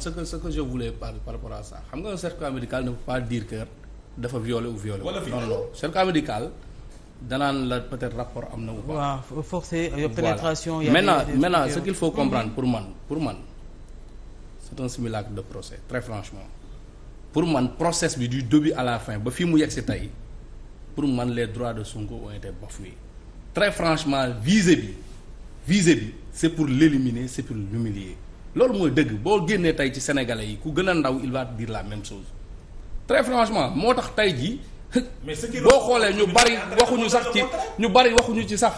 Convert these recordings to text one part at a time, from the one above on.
ce que ce que je voulais par rapport à ça xam nga certificat médical ne veut pas dire dafa violer ou violer. wala non non certificat médical danaan la peut rapport am na. waaw forcé euh, pénétration. y' maintenant euh, ce qu'il faut comprendre pour man pour man c'est un simulacre de procès très franchement pour man process bi du début à la fin ba fii mu yegg si tey pour man les droits de Sonko ont été bafoués très franchement visé bi visé bi c'est pour l'éliminer c'est pour l'humilier loolu mooy dëgg boo génnee tey ci sénégalais yi ku gën a ndaw il va dire la même chose très franchement moo tax tey jii. boo xoolee ñu bari waxuñu sax ci ñu bari waxuñu ci sax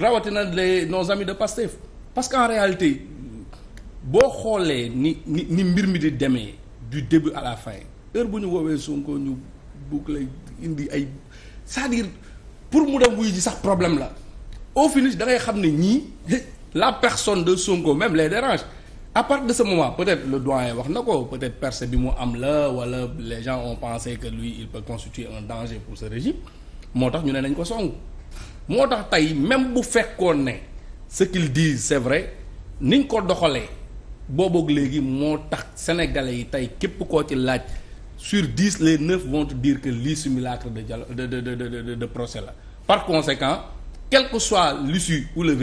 rawatina les nos amis de Pastef parce que en réalité boo xoolee ni ni ni mbir mi di demee du début à la fin heure bu ñu woowee Sonko ñu boucler indi ay cest à pour mu dem wuy ji sax problème la au finish da xam ne ñii. la personne de Sonko même les dérange à partir de ce moment peut-être le doyen wax na ko peut-être percée bi mu am la wala les gens ont pensé que lui il peut constituer un danger pour ce régime moo tax ñu ne nañ ko song moo tax tey même bu fekkoon ne ce qu'ils disent c'est vrai niñ ko doxalee boobook léegi moo tax sénégalais yi tey képp koo ci laaj sur dix les neuf vont te dire que lii simulacre de de de de procès la par conséquent quel que soit l'issue ou le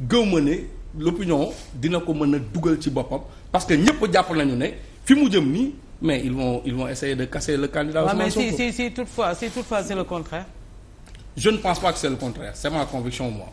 gëw ma ne l'opinion dina ko mën a dugal ci boppam parce que ñëpp jàpp nañu ne fi mu jëm nii mais ils vont ils vont essayer de casser le candidat Ousmane Sonko. waaw mais si si si toutefois si toutefois c'est le contraire. je ne pense pas que c'est le contraire c'est ma conviction moi.